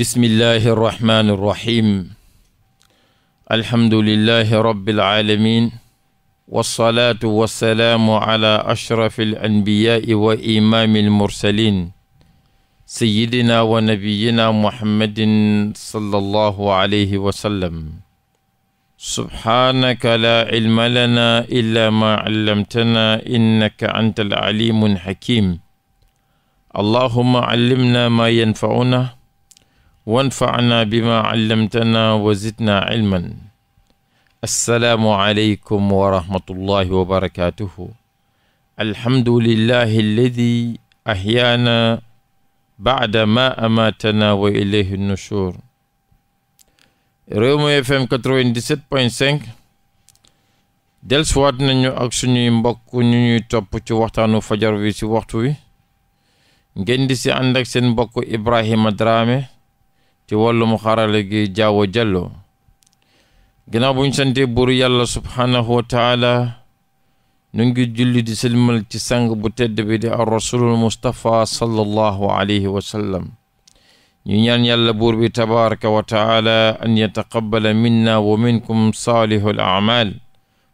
bismillahi irrahmani irrahim alhamdulilahi rabiilalamin walsalaatu walsalaamu ala ashrafi alanbiyaai wa imaami almursalin sayidina wa nabiyina muhammadin sallallahu alayhi wa sallam subhaanaka laa cilma lanaa illaa maa callamtanaa innaka anta alcaliimu alxakiim allahumma callimna maa yanfacuna wanfaanaa bimaa allamtanaa wa zidnaa ilman assalaamu aleykum wa rahmatullahi wa barakatuhu alhamdulillahi alladi ahyaana baada ma amaatana wa ilayhi nushur Rewmi FM 97.5 dellusiwaat nañu ak suñuy mbokk ñu ñuy topp ci waxtaanu fajar wi ci waxtu wi ngeen di si ànd ak seen mbokk Ibrahima Drame ci wàllum xarale gi jaawo jallo ginnaaw bu ñu sante buur yàlla subhaanahu wa taala ñu ngi julli di sëlmal ci sang bu tedd bi di ar rasulul mustapha sallallahu wa sallam ñu ñaan yàlla buur bi tabaraka wa taala an yataqabbala minna wa minkum saalihu al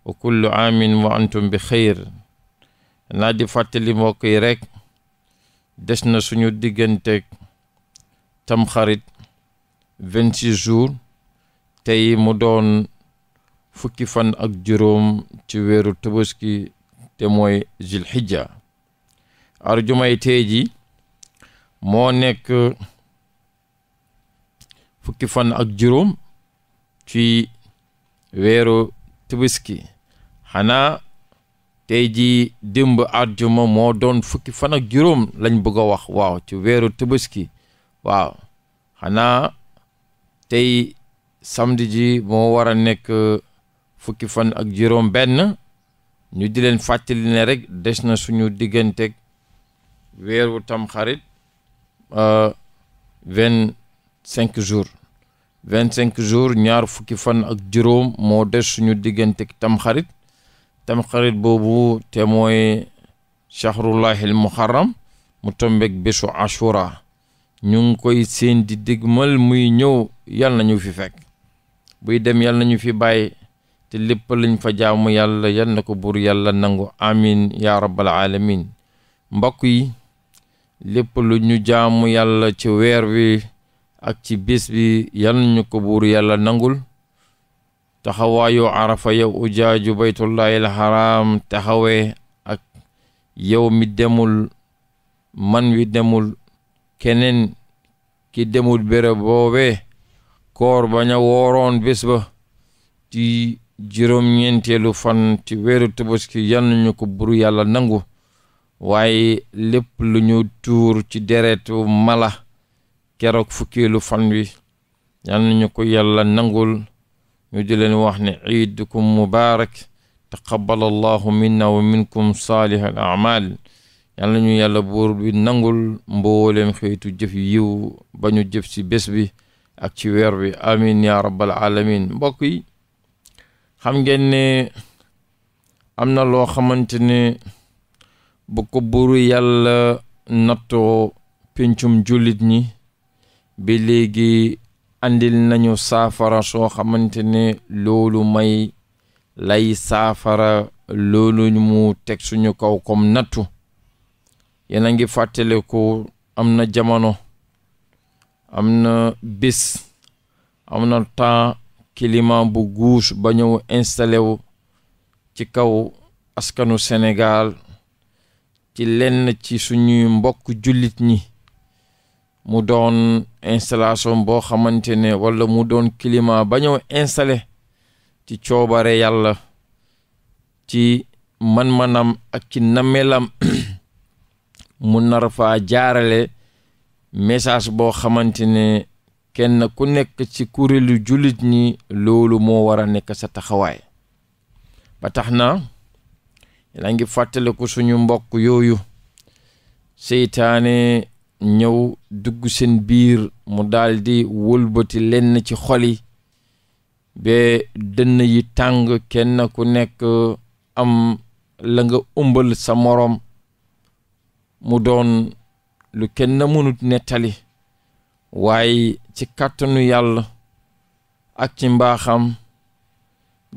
wa kullu aamin wa antum bi xeyr naa di fàttali mbokk yi rekk des na suñu digganteeg tamxarit vingt-six tey mu doon fukki fan ak juróom ci weeru tabaski te mooy zilhijja arjumay tey ji moo nekk fukki fan ak juróom ci weeru tabaski xanaa tey ji démb arjuma moo doon fukki fan ak juróom lañ bëgg a wax waaw ci weeru tabaski waaw xanaa tey samdi ji moo war a nekk fukki fan ak juróom benn ñu di leen fàttali ne rek des na suñu digganteeg weeru tamxarit euh, vingt cinq jours vingt cinq jours ñaar fukki fan ak juróom moo des suñu digganteek tamxarit tamxarit boobu te mooy chahrullahil muharram mu tombeeg bésu ashura ñu ngi koy seen di digmal muy ñëw yal nañu fi fekk buy dem yal nañu fi bàyyi te lépp lañ fa jàmm yàlla yal na ko buur yàlla nangu amin ya rabbal alamin mbokk yi lépp lu ñu jaamu yàlla ci weer wi ak ci bis bi yal nañu ko buur yàlla nangul taxawaayu arafa yow ujaaju baytullahi al taxawee ak yow mi demul man wi demul keneen ki demul bérëb boobee koor baña wooroon bés ba ci juróom-ñeenteelu fan ci weeru tabaski yal nañu ko buru yàlla nangu waaye lépp lu ñu tuur ci deretu mala keroog fukkeelu fan wi yal nañu ko yàlla nangul ñu di wax ne iidukum mubaarak taqabbalallahu minna wa minkum saalihal a'maal yal nañu yàlla buur bi nangul mbooleem xeetu jëf yiw ba ñu jëf bés bi ak ci weer wi amin ya rabbal alamin mbokk yi xam ngeen ne am na loo xamante ne bu ko buru yàlla nattoo pencum jullit ñi bi léegi andil nañu saafara soo xamante ne loolu may lay saafara loolu mu teg suñu kaw kom nattu yéen a ngi fàttale ko am na jamono am na bés am na temps climat bu guus ba ñëw installé wu ci kaw askanu Sénégal ci lenn ci suñuy mbokk jullit ñi mu doon installation boo xamante ne walla mu doon climat ba ñëw installé ci coobare yàlla ci man-manam ak ci namelam mu nar faa jaarale message boo xamante ne kenn ku nekk ci kuréelu jullit ñi loolu moo war a nekk sa taxawaay ba tax na yaa fàttale fàttaliku suñu mbokk yooyu seytaane ñëw dugg seen biir mu daldi wëlbati lenn ci xol yi dënn yi tàng kenn ku nekk am la nga ëmbal sa moroom mu doon lu kenn mënut nettali waaye ci kàttanu yàlla ak ci mbaaxam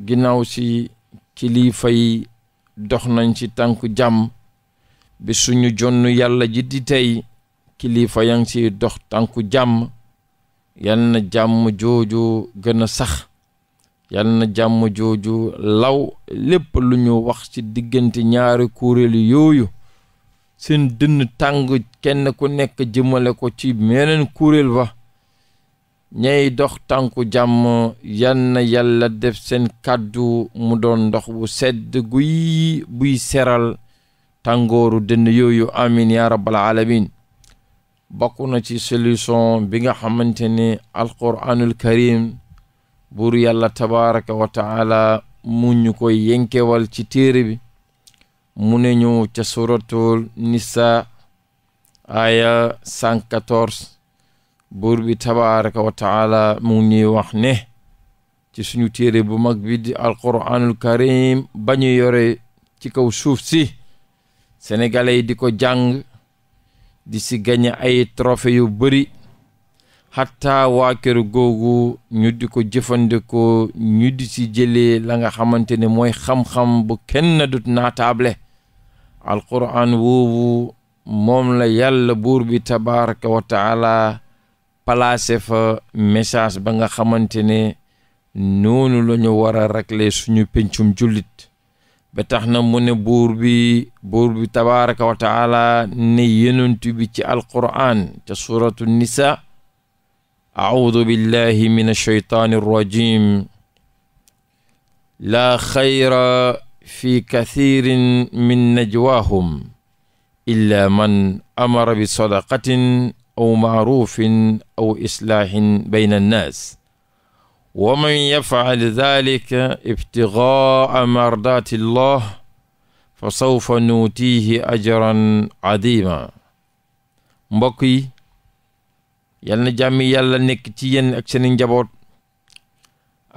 ginnaaw si kilifa yi dox nañ ci tànku jàmm bi suñu jonn yàlla ji di tey kilifa yang si dox tànku jàmm yal na jàmm jooju gën sax yal na jàmm jooju law lépp lu ñu wax ci diggante ñaari kuréelu yooyu seen dënn tàng kenn ku nekk jëmale ko ci meneen kuréel ba ñay dox tànku jàmm yan na yàlla def seen kàddu mu doon ndox bu sedd guy buy seral tàngooru dënn yooyu amin ya rabbal alamin bokk na ci solution bi nga xamante ne alquranul karim buur yàlla tabaraka wa mu ñu koy yenkewal ci téere bi mu ne ñëw ca suratul nisa aya 114 buur bi tabaraka wa taala mu ngi wax ne ci suñu téere bu mag bi di alquranul karim ba yore ci kaw suuf si sénégalais yi di ko jàng di si gañe ay trophée yu bari xatta waa kër googu ñu di ko jëfandikoo ñu di si jëlee la nga xamante ne mooy xam-xam bu kenn dut naataable alquran woowu moom la yàlla buur bi tabaraka wa taala placé fa message ba nga xamante ne noonu la ñu war a régler suñu pencum julit ba tax na mune ne buur bi buur bi tabaraka wa taala ne yonent bi ci alquran ca suratu nisa audu billahi min alsheytaani arrajim laa xayra fi kathirin min najwaahum illa man amara bi sadaqatin aw maarufin aw islaahin bayna annaas wa man yafcal dalika ibtigaa mardati llah fa sawfa nuutiihi ajran cadiima mbokk yi yal na jàmmi yàlla nekk ci yéen ak seeni njaboot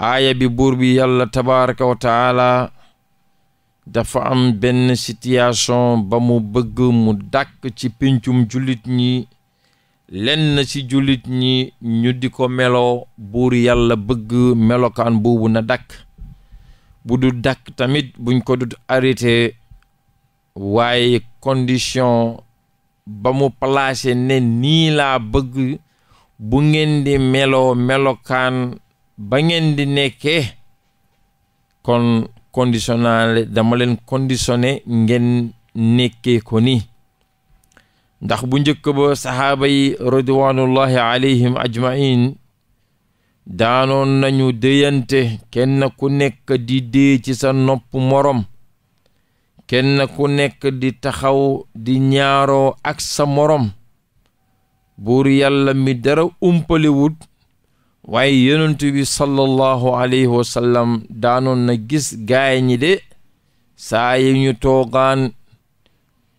aaya bi buur bi yàlla tabaraka wa taala dafa am benn situation ba mu bëgg mu dàkk ci pincum jullit ñi lenn ci jullit ñi ñu di ko meloo buur yàlla bëgg melokaan boobu na dàkk bu du dàkk tamit buñ ko dut arrêté waaye condition ba mu placé ne nii laa bëgg bu ngeen di meloo melokaan ba ngeen di nekkee kon conditionnal dama leen conditionné ngeen nekkee ko nii ndax bu njëkk ba saxaaba yi ridwanullahi alayhim ajmain daanoon nañu déyante kenn ku nekk di dee ci sa nopp morom kenn ku nekk di taxaw di ñaaroo ak sa morom buur yàlla mi dara umpalewut waaye yonent bi sallallahu alayhi wa daanoon na gis gaay ñi de saa yi ñu toogaan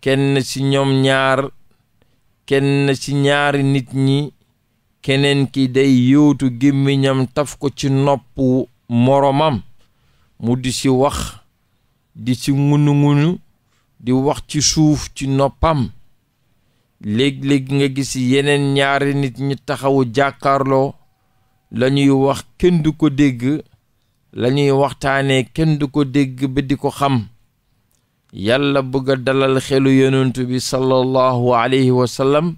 kenn ci ñoom ñaar kenn ci ñaari nit ñi keneen ki day yóotu gémmiñam taf ko ci noppu moromam mu di ci wax di ci ngunu-ngunu di wax ci suuf ci noppam léeg-léeg nga gis yeneen ñaari nit ñi taxawu jàkkarloo lañuy ñuy wax kenn du ko dégg la ñuy waxtaanee kenn du ko dégg ba di ko xam yàlla bëgg a dalal xelu yonent bi sallallahu alayhi wa sallam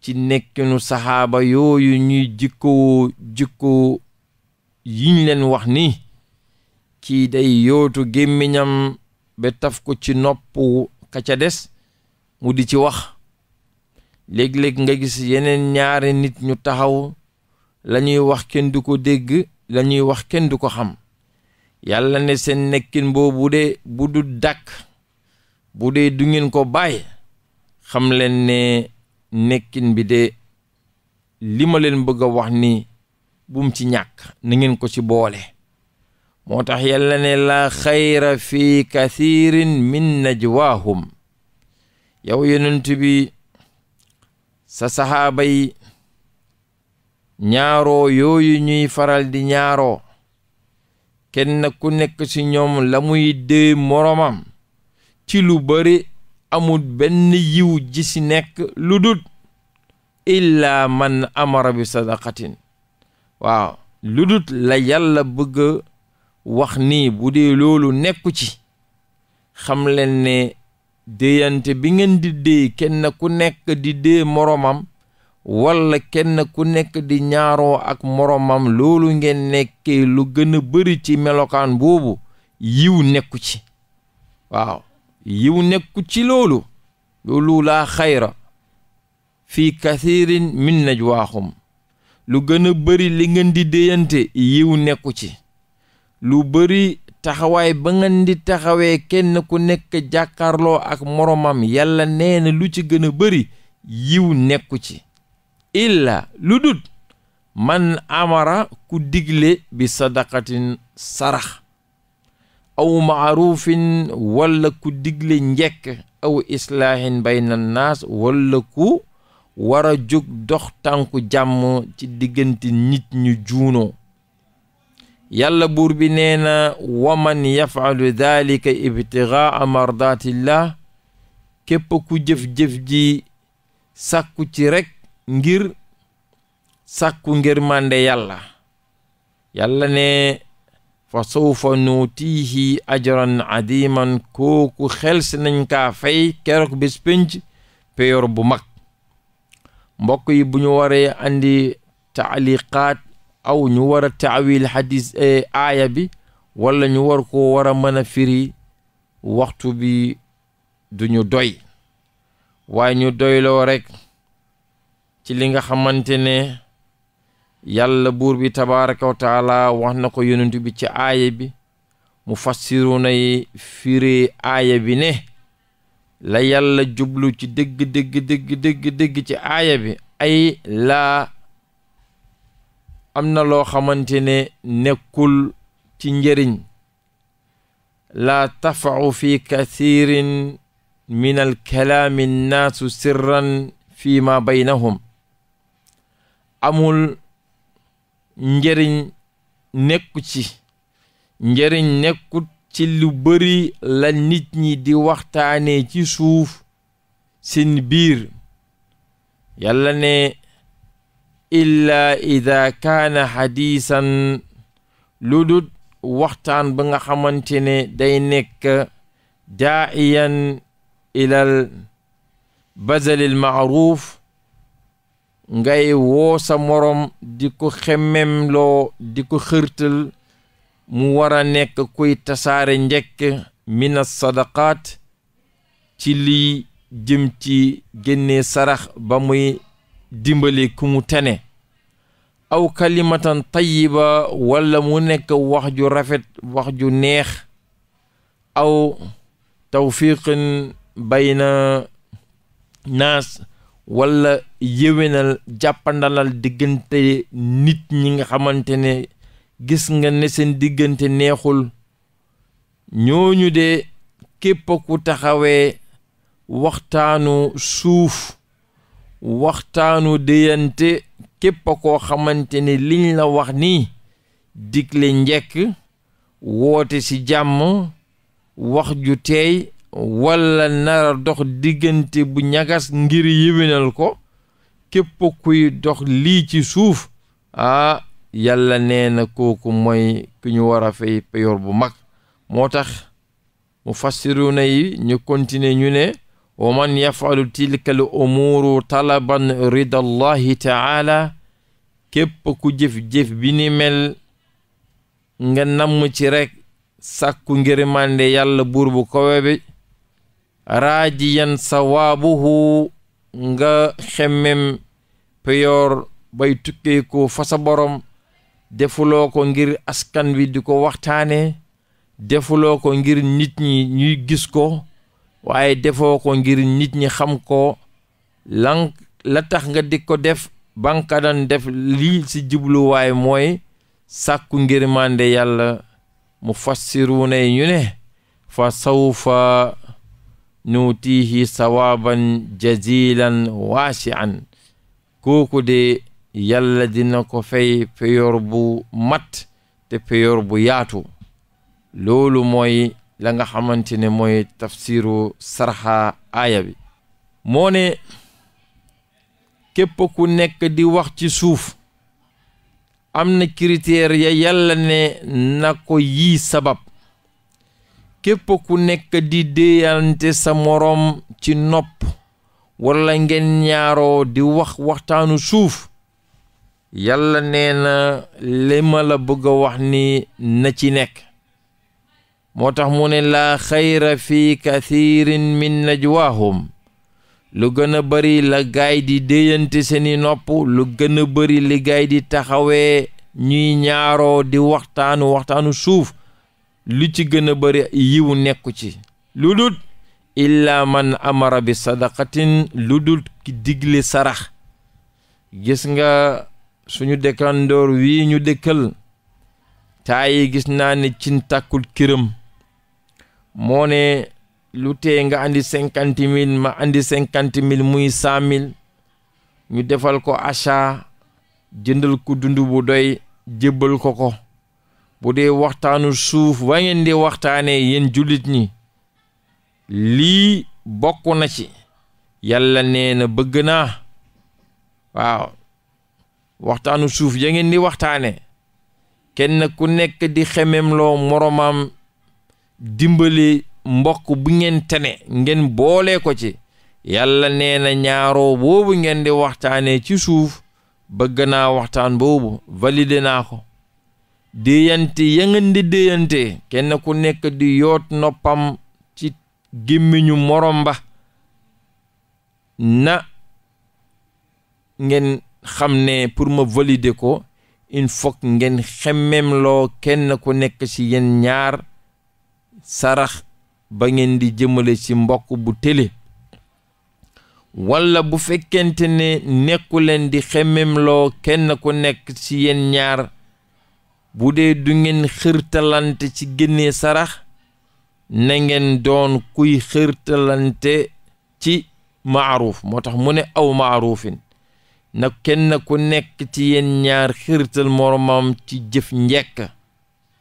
ci nekkinu saxaaba yooyu ñuy jikkoo jikkoo yiñ leen wax ni kii day yootu gémmiñam ba taf ko ci nopp ka ca des mu di ci wax léeg-léeg nga gis yeneen ñaari nit ñu taxaw la ñuy wax kenn du ko dégg lañuy wax kenn du ko xam yàlla ne seen nekkin boobu de bu du dàkk bu dee du ngeen ko bàyyi xam leen ne nekkin bi de li ma leen bëgg a wax ni bum ci ñàkk na ngeen ko ci boole moo tax yàlla ne la xayra fi kathirin min najwaahum yow yonent bi sa saxaaba yi ñaaroo yooyu ñuy faral di ñaaroo kenn ku nekk ci ñoom la muy dee moroomam ci lu bari amul benn yiw ji ci nekk lu dut illaa man amara bi sadaqatin waaw lu dut la yàlla bëgg wax nii bu dee loolu nekku ci xam leen ne déeyante bi ngeen di dee kenn ku nekk di dee moroomam walla kenn ku nekk di ñaaroo ak moroomam loolu ngeen nekkee lu gëna bari ci melokaan boobu yiw nekku ci waaw yiw nekku ci loolu loolu laa xayra fii kathirin min najwaahum lu gën a bari li ngeen di déyante yiw nekku ci lu bari taxawaay ba nga di taxawee kenn ku nekk jàkkarloo ak moroomam yàlla nee na lu ci gën a bari yiw nekku ci illa lu dut man amara ku digle bi sadaqatin sarax aw maarufin walla ku digle njekk aw islaahin bayna naas walla ku war jóg dox tànku jàmm ci diggante nit ñu juunoo yàlla buur bi nee na waman yafalu dalika ibtigaa mardatillah képp ku jëf-jëf ji sàkku ci rekk ngir sàkku ngir mànde yàlla yàlla ne fa sawfa nuutiihi ajran adiman kooku xel nañ kaa fay keroog bés pénc peyor bu mag mbokk yi bu ñu waree andi taaliqaat aw ñu war a hadis eh, aaya bi wala ñu war ko war a mën a firi waxtu bi duñu doy waaye ñu doyloo ci li nga xamante ne yàlla buur bi tabaraka wax na ko yonent bi ci aaya bi mu fassiruna yi firee aaya bi ne la yàlla jublu ci dëgg dëgg dëgg dëgg dëgg ci aaya bi ay laa am na loo xamante ne nekkul ci njëriñ laa tafau fi kathirin min alkalaami nnaasu sirran fi ma baynahum amul njëriñ nekku ci njëriñ nekkut ci lu bari la nit ñi di waxtaanee ci suuf sin biir yàlla ne illaa ida kaana xadiisan lu dut waxtaan ba nga xamante ne day nekk daaiyan ilal bazalil maaruuf ngay woo sa moroom di ko xemmem loo di ko xërtal mu wara nekk kuy tasaare njekk mina sadaqaat ci lii jëm ci génnee sarax ba muy dimbali ku mu tene aw kalimatan tayiba walla mu nekk wax rafet wax ju neex aw tawfiqin bayna naas walla yéwénal jàppandalal diggante nit ñi nga xamante ne gis nga ne seen diggante neexul ñoo ñu de képp ku taxawee waxtaanu suuf waxtaanu déyante képp koo xamante ne liñ la wax nii digle njekk woote ci jàmm wax ju teey walla nara dox diggante bu ñagas ngir yéwénal ko képp kuy dox lii ci suuf ah yàlla nee na kooku mooy ku ñu war a fay bu mag moo tax mu fassiruna yi ñu kontine ñu ne wa man yafalu tilka al umuru talaban ridallahi taala képp ku jëf-jëf bi ni mel nga namm ci rekk ngir ngërmande yàlla buur bu kowe bi raajiyan sawaabuhu nga xemmem peyoor bay tukkee ko fa sa defuloo ko ngir askan wi di ko waxtaane defuloo ko ngir nit ñi ñuy gis ko waaye defoo ko ngir nit ñi xam ko lan la tax nga di ko def banka daan def lii ci jubluwaay mooy sàkku ngir mànde yàlla mu fassiruuna ñu ne fa sawfa nuutiihi sawaaban jazilan waasian kooku de yàlla dina ko fay peyor bu mat te peyor bu yaatu loolu mooy la nga xamante ne mooy tafsiru sarxa aaya bi moo ne képp ku nekk di wax ci suuf am na critère ya yàlla ne na ko yii sabab képp ku nekk di déeyante sa moroom ci nopp walla ngeen ñaaroo di wax waxtaanu suuf yàlla nee na li ma la bëgg a wax ni na ci nekk moo tax mu ne laa xayra fi kathirin min najwaahum lu gën a bari la gaay di déeyante seeni nopp lu gën a bari li gaay di taxawee ñuy ñaaroo di waxtaanu waxtaanu suuf lu ci gën a bëri yiwu nekku ci lu dul illa man amara bi sadaqatin lu dul ki digle sarax gis nga suñu dëkkandoor wii ñu dëkkal taayi gis naa ne cin tàkkul këram moo ne lu tee nga andi cinquante mille ma andi cinquante mille muy cent mille ñu defal ko achat jëndal ko dund bu doy jébbal ko ko bu dee waxtaanu suuf wa ngeen di waxtaanee yéen jullit ñi lii bokk na ci yàlla nee na bëgg naa waaw waxtaanu suuf ya ngeen di waxtaane kenn ku nekk di xememloo moroomam dimbali mbokk bu ngeen tane ngeen boole ko ci yàlla nee na ñaaroo boobu ngeen di waxtaanee ci suuf bëgg naa waxtaan boobu valide naa ko déeyante ya ngeen di déeyante kenn ku nekk di yoot noppam ci gémmiñu morom ba na ngeen xam ne pour ma valider ko il faut ngeen xemmem loo kenn ku nekk ci yeen ñaar sarax ba ngeen di jëmale ci mbokk bu télé walla bu fekkente ne nekkuleen di xemmem loo kenn ku nekk ci yenn ñaar bu dee du ngeen xërtalante ci génnee sarax na ngeen doon kuy xërtalante ci maaruuf moo tax mu ne aw maaruufin na kenn ku nekk ci yenn ñaar xërtal moromam ci jëf njekk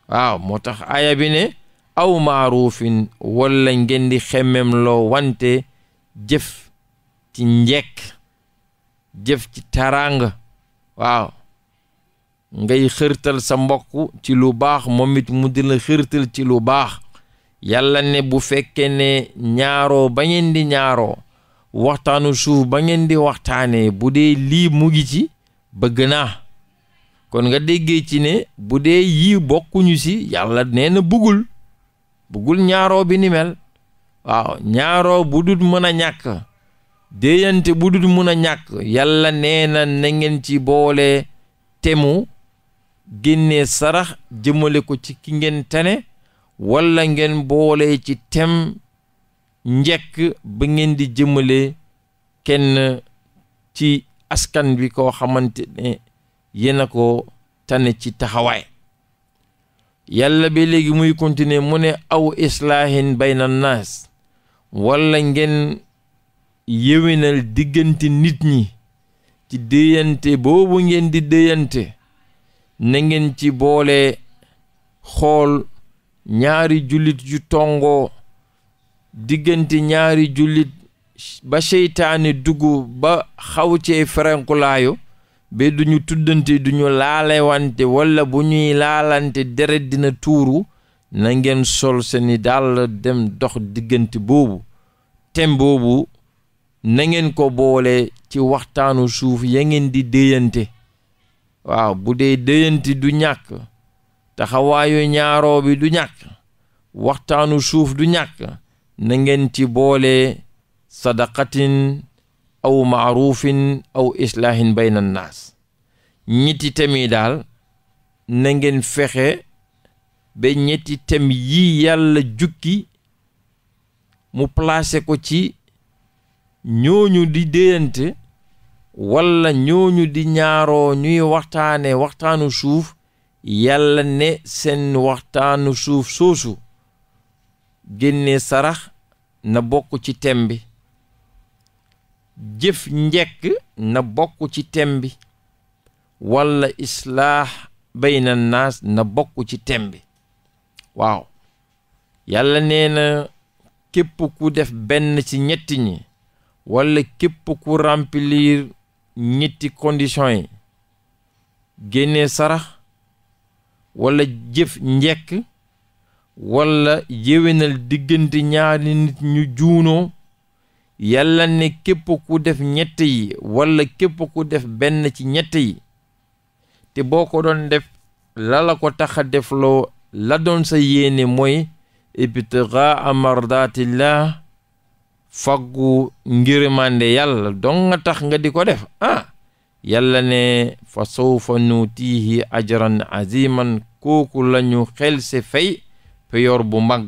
waaw moo tax aaya bi aw maaruufin walla ngeen di xemmem loo wante jëf ci njekk jëf ci taraanga waaw ngay xërtal sa mbokk ci lu baax moom mu di la xërtal ci lu baax yàlla ne bu fekke ne ñaaroo ba ngeen di ñaaroo waxtaanu suuf ba ngeen di waxtaanee bu dee lii mu ngi ci bëgg naa kon nga déggee ci ne bu dee yii bokkuñu ci yàlla nee na bëggul bëggul ñaaroo bi ni mel waaw ñaaroo bu dul mën a ñàkk déeyante bu dul mën a ñàkk yàlla nee na na ngeen ci boole temu génnee sarax jëmale ko ci ki ngeen tane walla ngeen boole ci tem njekk ba ngeen di jëmale kenn ci askan bi koo xamante ne yéen ko tane ci taxawaay yàlla ba léegi muy continuer mu ne aw islaahin bayna naas walla ngeen yéwénal diggante nit ñi ci déyante boobu ngeen di déyante nangeen ci boole xool ñaari jullit yu tongoo diggante ñaari jullit ba seytaane dugg ba xaw cee ferenkulaayu ba duñu tuddante duñu laalewante walla bu ñuy laalante deret dina tuuru na ngeen sol seeni dàll dem dox diggante boobu tem boobu na ngeen ko boole ci waxtaanu suuf ya ngeen di déyante waaw bu dee déyanti du ñàkk taxawaayu ñaaroo bi du ñàkk waxtaanu suuf du ñàkk na ngeen ci boole sadaqatin aw maarufin aw islaahin bayna naas ñetti temi daal na ngeen fexe ba ñetti tem yi yàlla jukki mu placé ko ci ñooñu di déyante walla ñooñu di ñaaroo ñuy waxtaane waxtaanu suuf yàlla ne seen waxtaanu suuf soosu génne sarax na bokk ci tem bi jëf njekk na bokk ci tem bi walla islaax bayna naas na bokk ci tem bi waaw yàlla nee na képp ku def benn ci ñetti ñi walla képp ku remplir ñetti conditions yi génnee sarax walla jëf njekk walla yéwénal diggante ñaari nit ñu juunoo yàlla ne képp ku def ñett yi walla képp ku def benn ci ñett yi te boo ko doon def lala ko tax a defloo la doon sa yéene mooy ibtigaa mardatillah faggu ngirmande yàlla don nga tax nga di ko def ah yàlla ne fa sawfa nuutiihi ajran aziman kooku lañu xel se fay peyor bu mag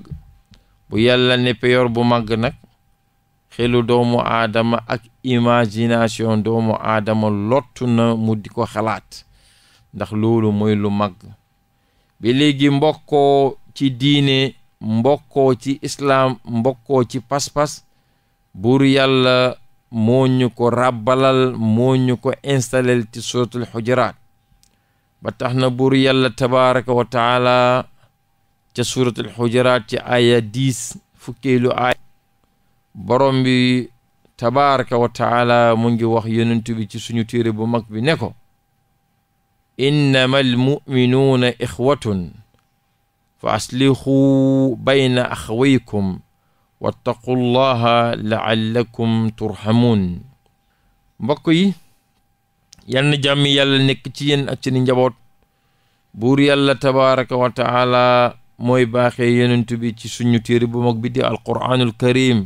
bu yàlla ne peyor bu mag nag xelu doomu aadama ak imagination doomu aadama lottu na mu di ko xalaat ndax loolu mooy lu mag bi léegi mbokkoo ci diine mbokkoo ci islaam mbokkoo ci pas-pas buur yàlla moo ñu ko ràbbalal moo ko installel ci suratul xujuraat ba tax na buur yàlla tabaraka wa taala ca suratul xujuraat ci aya dix fukkeelu aaya borom bi tabaraka mu ngi wax yonent bi ci suñu téere bu mag bi ne ko innama almuminuuna ixwatun fa aslixuu bayna axawaykum wattaqu llaha laallakum turhamuun mbokk yi yal na jàmm yàlla nekk ci yéen ak njaboot buur yàlla tabaraka wa taala mooy baaxee yonent bi ci suñu téere bu mag bi di alquraanul karim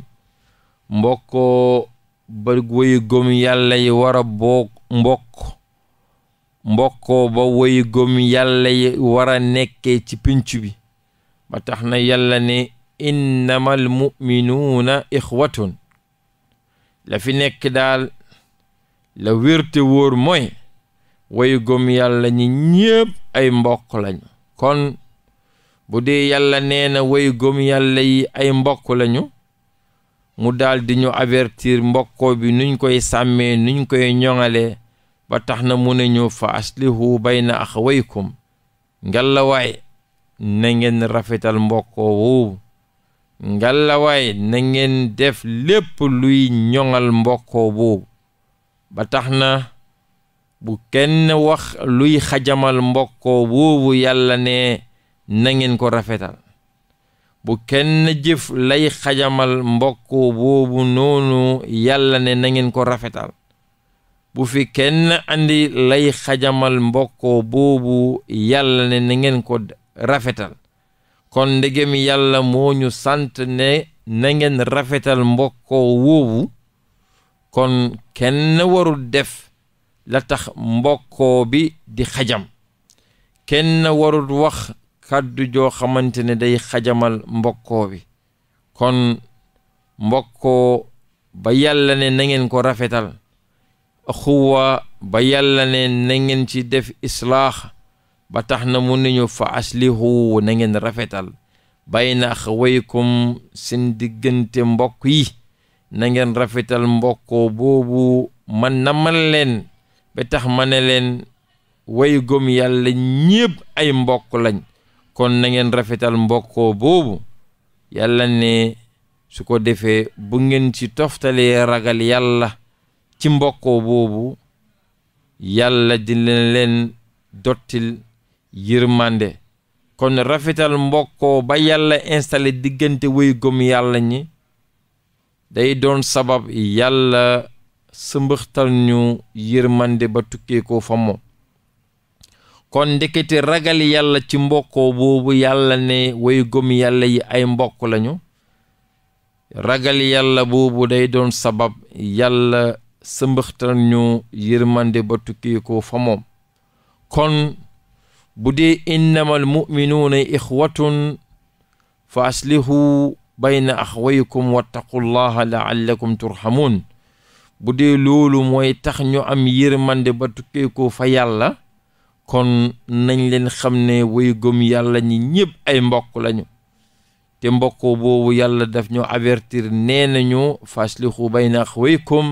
mbokkoo ba woyu gom yàlla yi war a ba woyu gom yàlla yi war a ci pinc bi ba tax na ne innamal muminuuna ixwatun la fi nekk daal la wérte wóor mooy way gom yàlla ñi ñépp ay mbokk lañu kon bu dee yàlla nee na way yàlla yi ay mbokk lañu mu daldi di ñu avertir mbokkoo bi nuñ koy sàmmee nuñ koy ñoŋalee ba tax na mu ne ñu fa aslihu bayna axawaykum ngalla waay na ngeen rafetal mbokkoo woowu ngalawaay na ngeen def lépp luy ñoŋal mbokkoo boobu ba tax na bu kenn wax luy xajamal mbokkoo boobu yàlla ne na ngeen ko rafetal bu kenn jëf lay xajamal mbokkoo boobu noonu yàlla ne na ngeen ko rafetal bu fi kenn andi lay xajamal mbokkoo boobu yàlla ne na ngeen ko rafetal kon ndegem yàlla moo ñu sant ne nangeen rafetal mbokkoo woowu kon kenn warul def la tax mbokkoo bi di xajam kenn warul wax kàddu joo xamante ne day xajamal mbokkoo bi kon mbokkoo ba yàlla ne na ngeen ko rafetal xuwa ba yàlla ne na ngeen ci def islaax ba tax na mun nañu fa aslihu na nangeen rafetal bayna axawaykum seen diggante mbokk yi na ngeen rafetal mbokkoo boobu man na man leen ba tax ma ne leen way gëm yàlla ñépp ay mbokk lañ kon na ngeen rafetal mbokkoo boobu yàlla ne su ko defee bu ngeen ci toftalee ragal yàlla ci mbokkoo boobu yàlla dina leen dottil yërmande kon rafetal mbokkoo ba yàlla installe diggante woy gëm yàlla ñi day doon sabab yàlla sëmbëxtal ñu yërmande ba tukkee ko fa moom kon ndekete ragal yàlla ci mbokkoo boobu yàlla ne woy gëm yàlla yi ay mbokk lañu ragal yàlla boobu day doon sabab yàlla sëmbëxtal ñu yërmande ba tukkee ko fa moom kon bu dee innamal muminuuna ixwatun fa aslihu bayna axwaykum wattaqullaha laallakum turhamuun bu dee loolu mooy tax ñu am yërmande ba tukkeekoo fa yàlla kon nañ leen xam ne way yàlla ñi ñëpp ay mbokk lañu te mbokk boobu yàlla daf ñu avertir nee nañu fa aslihu bayna axwaykum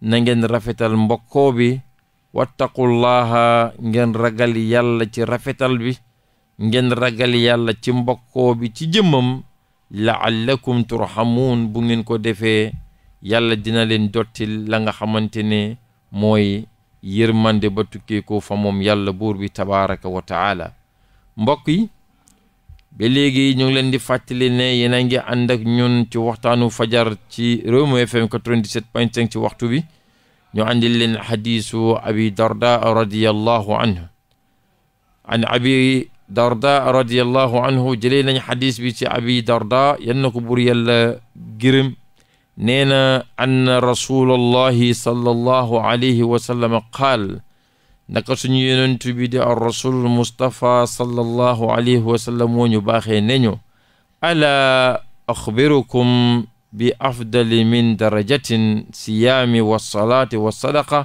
na ngeen rafetal mbokkoo bi wattaqullaha ngeen ragal yàlla ci rafetal bi ngeen ragal yàlla ci mbokkoo bi ci jëmmam laallakum turhamuun bu ngeen ko defee yàlla dina leen dottil la nga xamante ne mooy yërmande ba tukkee fa moom yàlla buur bi tabaraka wa mbokk yi ba léegi ñu ngi leen di fàttali ne yéen a ngi ànd ak ñun ci waxtaanu fajar ci Rewmi FM 97.5 ci waxtu bi ñu àndil leen xadiisu abi darda radiallahu anhu an abi darda radiallahu anhu jëlee nañ xadiis bi ci abi darda yan na ko buur yàlla gërëm nee na anna rasulallahi sallallahu alayhi wa sallam qaal naka suñu yonent bi di ar rasul mustapha sallallahu alayhi wa sallam moo ñu baaxee ne ñu ala axbirukum bi afdali min darajatin siyaami wa salaati wa sadaqa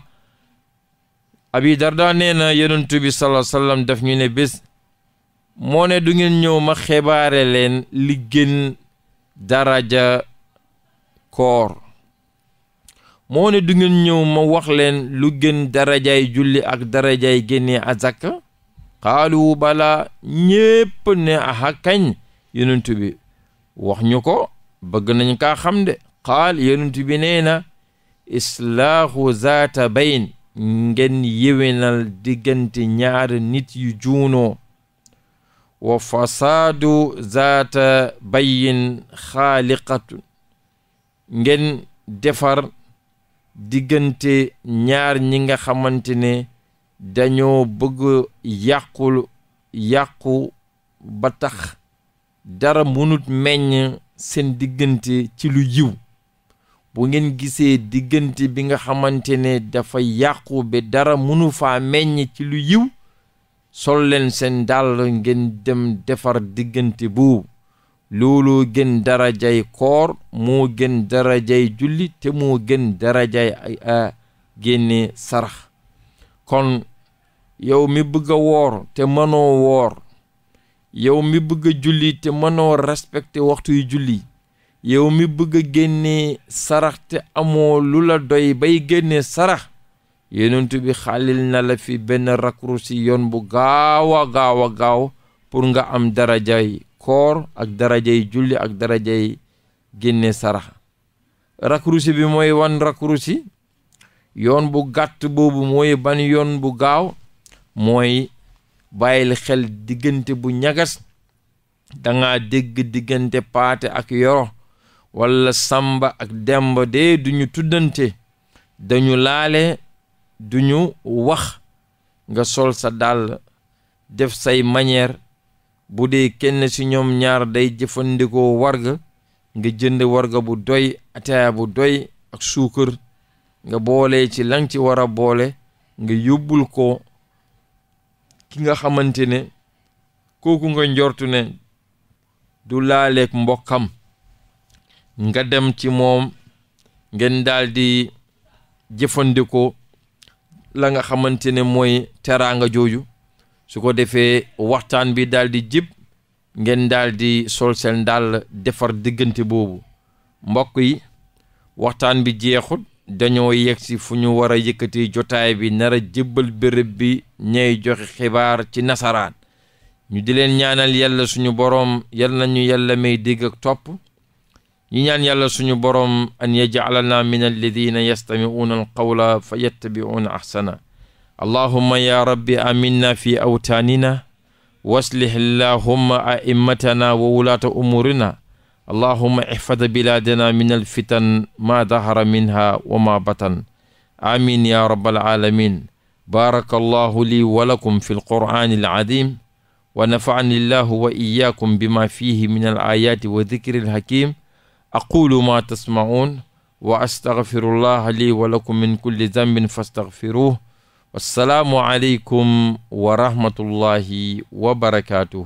abi darda nee na yonentu bi salaa sallam daf ñu ne bés moo ne du ngeen ñëw ma xebaare leen li gën daraja koor moo ne du ngeen ñëw ma wax leen lu gën darajaay julli ak darajaay génnee azaka xaalu bala ñépp ne aha kañ yonent bi wax ñu ko bëgg nañ kaa xam de qaal yonent bi nee na zaata bayn ngeen yéwénal diggante ñaar nit yu juunoo wa fasaadu zaata bayin xaalixatu ngeen defar diggante ñaar ñi nga xamante ne dañoo bëgg yàqul yàqu batax tax dara munut meññ seen diggante ci lu yiw bu ngeen gisee diggante bi nga xamante ne dafa yàqu ba dara mënu faa meññ ci lu yiw sol seen dàll ngeen dem defar diggante boobu loolu gën darajay koor moo gën darajay julli te moo gën darajay a génne sarax kon yow mi bëgg a woor te mënoo woor yow mi bëgg a julli te mënoo respecté waxtu yu julli yow mi bëgg a génnee sarax te amoo lu la doy bay génnee sarax yonent bi xaalil na la fi benn raccourci yoon bu gaawa a gaaw a gaaw pour nga am darajay koor ak darajay julli ak darajay génnee sarax raccourci bi mooy wan raccourci yoon bu gàtt boobu mooy ban yoon bu gaaw mooy bàyyil xel diggante bu ñagas danga dégg diggante paate ak yoro walla sàmba ak demba de duñu tuddante dañu laale duñu wax nga sol sa dàll def say manière bu dee kenn ci ñoom ñaar day jëfandikoo warga nga jënd warga bu doy ataaya bu doy ak suukar nga boole ci lang ci war a boole nga yóbbul ko ki nga xamante ne kooku nga njortu ne du laaleeg mbokkam nga dem ci moom ngeen daal jëfandikoo la nga xamante ne mooy teraanga jooju su ko defee waxtaan bi daal di jib ngeen daal di sol seen daal defar diggante boobu mbokk yi waxtaan bi jeexul dañoo yegsi fu ñu war a yëkkati jotaay bi nara a jébbal béréb bi ñay joxe xibaar ci nasaraan ñu di leen ñaanal yàlla suñu borom yal nañu yàlla may digg ak topp ñi ñaan yàlla suñu boroom an yajalana min alladina yastamiuuna alqawla fa yattabiuuna ahsana allahumma ya rabbi aminna fi awtaanina waslih allahumma aimmatana wa wulaata umurina allahuma ihfad bilaadana min alfitan maa dahara minha wa maa batan amin ya rabbal alamin baraka allahu lii wa lakum fi alqur'ani alazim wa nafa'ani allahu wa iyyakum bima fihi min alayati wa dhikri alhakim aqulu ma tasma'un wa astaghfirullaha lii wa lakum min kulli dhanbin fastaghfiruhu wassalaamu aleykum wa rahmatullahi wa barakaatuhu